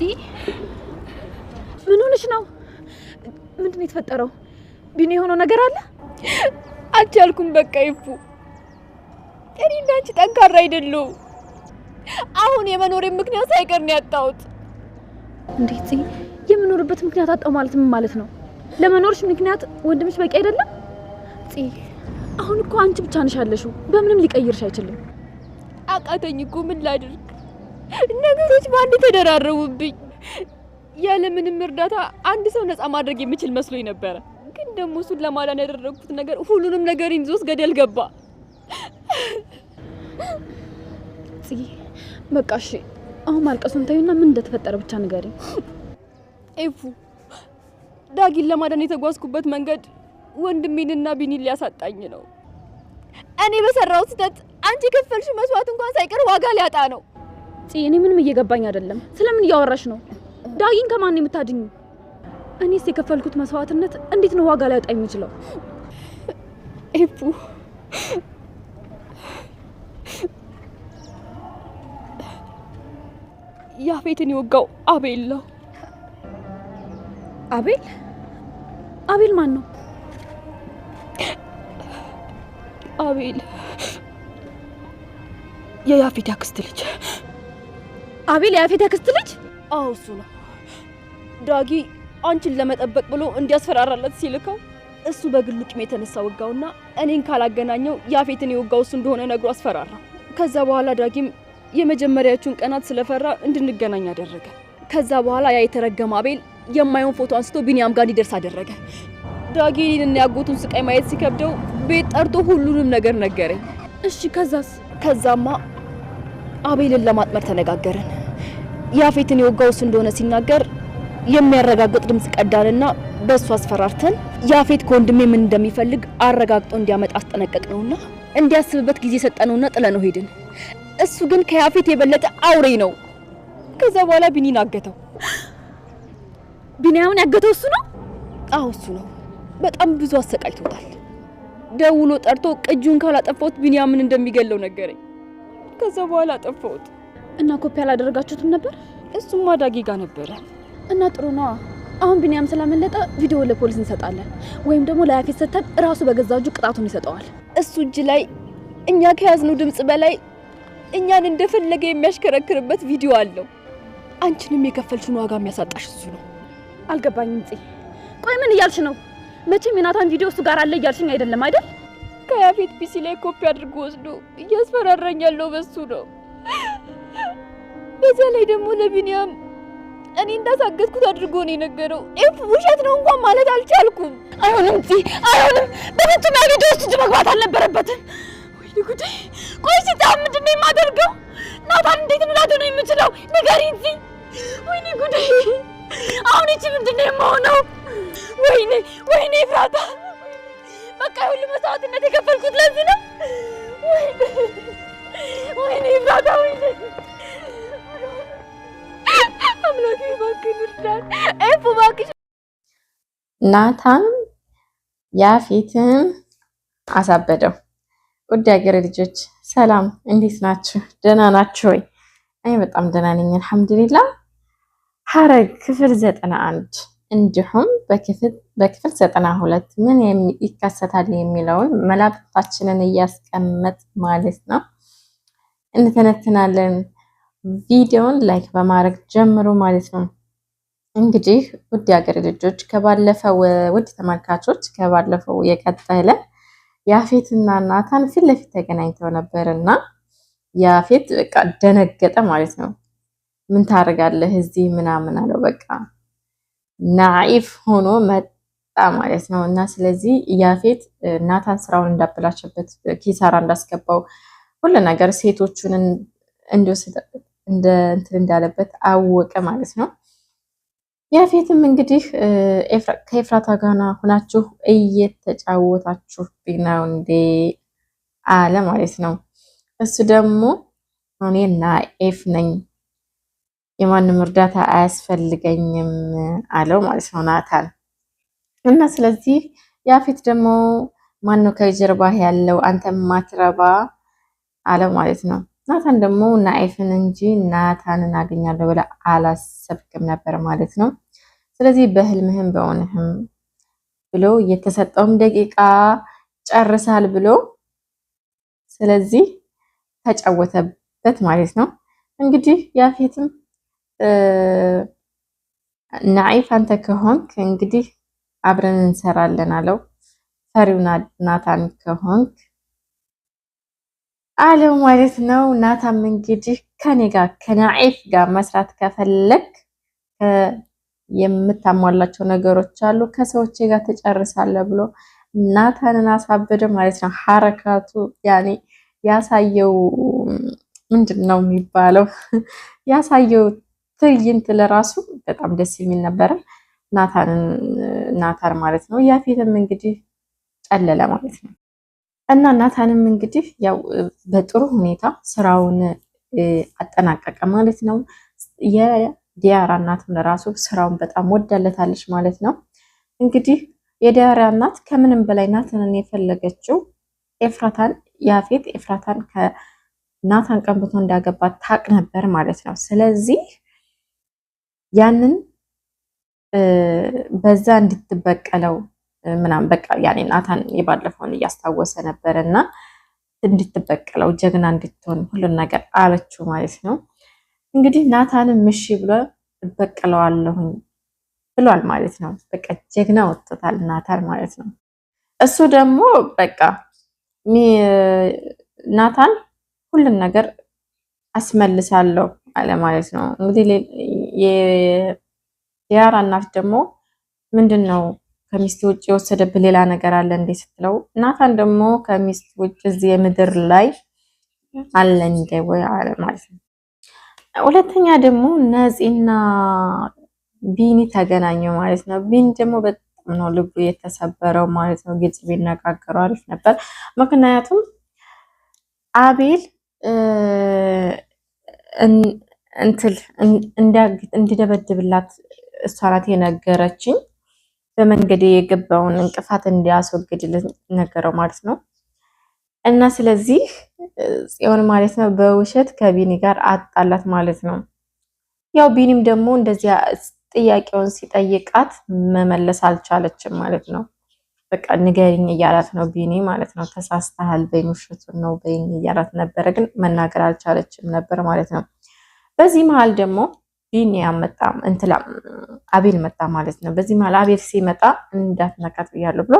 ቤቲ ምን ሆነሽ ነው? ምንድን ነው የተፈጠረው? ቢኒ የሆነው ነገር አለ? አልቻልኩም። በቃ ይፉ፣ እኔ እንዳንቺ ጠንካራ አይደለሁም። አሁን የመኖሬ ምክንያት ሳይቀር ነው ያጣሁት። እንዴት የምኖርበት ምክንያት አጣው ማለት ምን ማለት ነው? ለመኖርሽ ምክንያት ወንድምሽ በቂ አይደለም? ፂ አሁን እኮ አንቺ ብቻ ነሽ ያለሽው፣ በምንም ሊቀይርሽ አይችልም። አቃተኝ እኮ ምን ላድርግ? ነገሮች በአንድ ተደራረቡብኝ። ያለምንም እርዳታ አንድ ሰው ነፃ ማድረግ የምችል መስሎኝ ነበረ። ግን ደግሞ እሱን ለማዳን ያደረግኩት ነገር ሁሉንም ነገር ይዞስ ገደል ገባ። በቃ እሺ፣ አሁን ማልቀሱን ታዩና ምን እንደተፈጠረ ብቻ ንገሪ። ኤፉ ዳጊን ለማዳን የተጓዝኩበት መንገድ ወንድሜንና ቢኒን ሊያሳጣኝ ነው። እኔ በሰራው ስህተት አንቺ ከፈልሽ መስዋዕት እንኳን ሳይቀር ዋጋ ሊያጣ ነው። ጽዬ፣ እኔ ምንም እየገባኝ አይደለም። ስለምን እያወራሽ ነው? ዳጊን ከማን ነው የምታድኝ? እኔስ የከፈልኩት መስዋዕትነት እንዴት ነው ዋጋ ሊያጣ የሚችለው? ኤፉ ያፌትን የወጋው አቤል ነው። አቤል አቤል ማን ነው? አቤል የያፌት አክስት ልጅ አቤል የአፌት ያክስት ልጅ? አዎ እሱ ነው። ዳጊ አንቺን ለመጠበቅ ብሎ እንዲያስፈራራለት ሲልከው እሱ በግሉ ቂም የተነሳ ወጋውና እኔን ካላገናኘው የአፌትን የወጋው እሱ እንደሆነ ነግሮ አስፈራራ። ከዛ በኋላ ዳጊም የመጀመሪያዎቹን ቀናት ስለፈራ እንድንገናኝ አደረገ። ከዛ በኋላ ያ የተረገመ አቤል የማየውን ፎቶ አንስቶ ቢኒያም ጋር እንዲደርስ አደረገ። ዳጊ እኔንና ያጎቱን ስቃይ ማየት ሲከብደው ቤት ጠርቶ ሁሉንም ነገር ነገረኝ። እሺ ከዛስ? ከዛማ አቤልን ለማጥመር ተነጋገርን። ያፌትን የወጋው እሱ እንደሆነ ሲናገር የሚያረጋግጥ ድምጽ ቀዳንና በእሱ አስፈራርተን ያፌት ከወንድሜ ምን እንደሚፈልግ አረጋግጦ እንዲያመጣ አስጠነቀቅ ነውና እንዲያስብበት ጊዜ ሰጠነውና ጥለነው ሄድን። እሱ ግን ከያፌት የበለጠ አውሬ ነው። ከዛ በኋላ ቢኒን አገተው። ቢኒያምን ያገተው እሱ ነው? አዎ እሱ ነው። በጣም ብዙ አሰቃይቶታል። ደውሎ ጠርቶ ቅጁን ካላጠፋሁት ቢኒያምን እንደሚገለው ነገረኝ። ከዛ በኋላ አጠፋሁት እና ኮፒ አላደረጋችሁትም ነበር? እሱም ማዳጊ ጋር ነበረ እና ጥሩ ነዋ። አሁን ቢኒያም ስላመለጠ ቪዲዮ ለፖሊስ እንሰጣለን፣ ወይም ደግሞ ለያፌት ሰተን እራሱ በገዛ እጁ ቅጣቱን ይሰጠዋል። እሱ እጅ ላይ እኛ ከያዝነው ድምፅ በላይ እኛን እንደፈለገ የሚያሽከረክርበት ቪዲዮ አለው። አንቺንም የከፈልሽን ዋጋ የሚያሳጣሽ እሱ ነው። አልገባኝም ጽ ቆይ ምን እያልሽ ነው? መቼም የናታን ቪዲዮ እሱ ጋር አለ እያልሽኝ አይደለም አይደል? ከያፌት ፒሲ ላይ ኮፒ አድርጎ ወስዶ እያስፈራራኝ ያለው በሱ ነው። በዚያ ላይ ደግሞ ለቢንያም እኔ እንዳሳገዝኩት አድርጎ ነው የነገረው። ኤፍ ውሸት ነው እንኳን ማለት አልቻልኩም። አይሆንም ዚ አይሆንም፣ በፍጹም ቪዲዮ ውስጥ እጅ መግባት አልነበረበትም። ወይ ጉዴ! ቆይ ሲታ ምንድን ነው የማደርገው? ናታን እንዴት ንላቱ ነው የምችለው? ንገሪኝ ዚ። ወይኔ ጉዴ! አሁን ይቺ ምንድን ነው የማሆነው? ወይኔ ወይኔ ፍራታ በቃ የሁሉ መስዋዕትነት የከፈልኩት ለዚህ ነው። ወይኔ ይፍራታ፣ ወይኔ አምላኬ እባክህን እርዳን፣ ኤፉ እባክሽ። ናታን ያፌትን አሳበደው። ውድ ሀገሬ ልጆች ሰላም፣ እንዴት ናችሁ? ደህና ናችሁ ወይ? እኔ በጣም ደህና ነኝ ክፍል ዘጠና አንድ እንዲሁም በክፍል ዘጠና ሁለት ምን ይከሰታል የሚለውን መላብታችንን እያስቀመጥ ማለት ነው እንተነትናለን። ቪዲዮን ላይክ በማድረግ ጀምሮ ማለት ነው። እንግዲህ ውድ የሀገር ልጆች ከባለፈው ውድ ተመልካቾች ከባለፈው የቀጠለ ያፌትና ናታን ፊት ለፊት ተገናኝተው ነበር እና ያፌት በቃ ደነገጠ ማለት ነው። ምን ታደርጋለህ እዚህ ምናምን አለው በቃ ናኢፍ ሆኖ መጣ ማለት ነው። እና ስለዚህ ያፌት ናታን ስራውን እንዳበላሸበት ኪሳራ እንዳስገባው ሁሉ ነገር ሴቶቹን እንደ እንትን እንዳለበት አወቀ ማለት ነው። ያፌትም እንግዲህ ከኤፍራታ ጋና ሁናችሁ እየተጫወታችሁብኝ ነው እንዴ አለ ማለት ነው። እሱ ደግሞ እኔ ናኢፍ ነኝ የማንም እርዳታ አያስፈልገኝም አለው ማለት ነው ናታን። እና ስለዚህ ያፌት ደግሞ ማነው ከጀርባ ያለው አንተ ማትረባ አለው ማለት ነው። ናታን ደግሞ ናይፍን እንጂ ናታንን አገኛለሁ ብለ አላሰብክም ነበር ማለት ነው። ስለዚህ በህልምህም በእውነህም ብሎ የተሰጠውም ደቂቃ ጨርሳል ብሎ ስለዚህ ተጫወተበት ማለት ነው። እንግዲህ ያፌትም ናይፍ አንተ ከሆንክ እንግዲህ አብረን እንሰራለን አለው። ፈሪው ናታን ከሆንክ አለው ማለት ነው። ናታም እንግዲህ ከኔ ጋር ከነዓይፍ ጋር መስራት ከፈለክ የምታሟላቸው ነገሮች አሉ፣ ከሰዎች ጋር ተጨርሳለ ብሎ ናታንን አሳበደ ማለት ነው። ሀረካቱ ያኔ ያሳየው ምንድን ነው የሚባለው ያሳየው ትዕይንት ለራሱ በጣም ደስ የሚል ነበረ። ናታን ማለት ነው። ያፌትም እንግዲህ ጨለለ ማለት ነው እና ናታንም እንግዲህ ያው በጥሩ ሁኔታ ስራውን አጠናቀቀ ማለት ነው። የዲያራ እናትም ለራሱ ስራውን በጣም ወዳለታለች ማለት ነው። እንግዲህ የዲያራ እናት ከምንም በላይ ናታንን የፈለገችው ኤፍራታን ያፌት ኤፍራታን ከናታን ቀንብቶ እንዳገባት ታቅ ነበር ማለት ነው። ስለዚህ ያንን በዛ እንድትበቀለው ምናምን በቃ ያኔ ናታን የባለፈውን እያስታወሰ ነበረ እና እንድትበቀለው ጀግና እንድትሆን ሁሉን ነገር አለችው ማለት ነው። እንግዲህ ናታንም እሺ ብሎ እበቀለዋለሁኝ ብሏል ማለት ነው። በቃ ጀግና ወጥቶታል ናታን ማለት ነው። እሱ ደግሞ በቃ ናታን ሁሉን ነገር አስመልሳለሁ አለ ማለት ነው። እንግዲህ የያራ እናት ደግሞ ምንድን ነው ከሚስት ውጭ የወሰደብህ ሌላ ነገር አለ እንዴ ስትለው፣ ናታን ደግሞ ከሚስት ውጭ እዚህ የምድር ላይ አለ እንዴ ወይ አለ ማለት ነው። ሁለተኛ ደግሞ ነፂና ቢኒ ተገናኘው ማለት ነው። ቢኒ ደግሞ በጣም ነው ልቡ የተሰበረው ማለት ነው። ግልጽ ቢነጋገሩ አሪፍ ነበር። ምክንያቱም አቤል እንትል እንዲደበድብላት እሷ ናት የነገረችኝ። በመንገድ የገባውን እንቅፋት እንዲያስወግድልን ነገረው ማለት ነው። እና ስለዚህ ጽዮን ማለት ነው በውሸት ከቢኒ ጋር አጣላት ማለት ነው። ያው ቢኒም ደግሞ እንደዚያ ጥያቄውን ሲጠይቃት መመለስ አልቻለችም ማለት ነው። በቃ ንገሪኝ እያላት ነው ቢኒ ማለት ነው። ተሳስተሃል በይን ውሸቱን ነው በይን እያላት ነበረ፣ ግን መናገር አልቻለችም ነበር ማለት ነው። በዚህ መሀል ደግሞ ቢኒያም መጣ እንትላ አቤል መጣ ማለት ነው። በዚህ መሀል አቤል ሲመጣ እንዳትነካት ብያለሁ ብሎ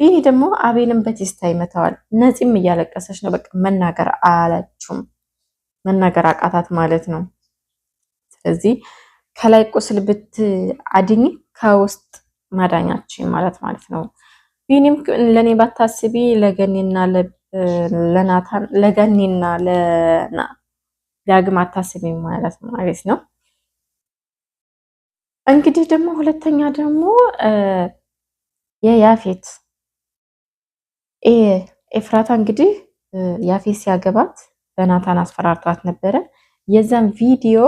ቢኒ ደግሞ አቤልን በቴስታ ይመታዋል። ነፂም እያለቀሰች ነው። በቃ መናገር አላችሁም መናገር አቃታት ማለት ነው። ስለዚህ ከላይ ቁስል ብት አድኝ ከውስጥ ማዳኛችን ማለት ማለት ነው። ቢኒም ለእኔ ባታስቢ ለገኔና ለናታን ለገኔና ዳግም አታስቢም ማለት ማለት ነው። እንግዲህ ደግሞ ሁለተኛ ደግሞ የያፌት ኤፍራታ እንግዲህ ያፌት ሲያገባት በናታን አስፈራርቷት ነበረ። የዛን ቪዲዮ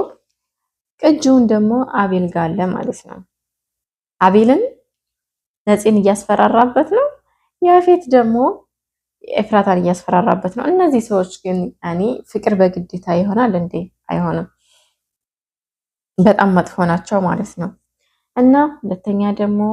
ቅጂውን ደግሞ አቤል ጋር አለ ማለት ነው። አቤልን ነፂን እያስፈራራበት ነው። ያፌት ደግሞ ኤፍራታን እያስፈራራበት ነው። እነዚህ ሰዎች ግን ኔ ፍቅር በግዴታ ይሆናል እንዴ? አይሆንም። በጣም መጥፎ ናቸው ማለት ነው። እና ሁለተኛ ደግሞ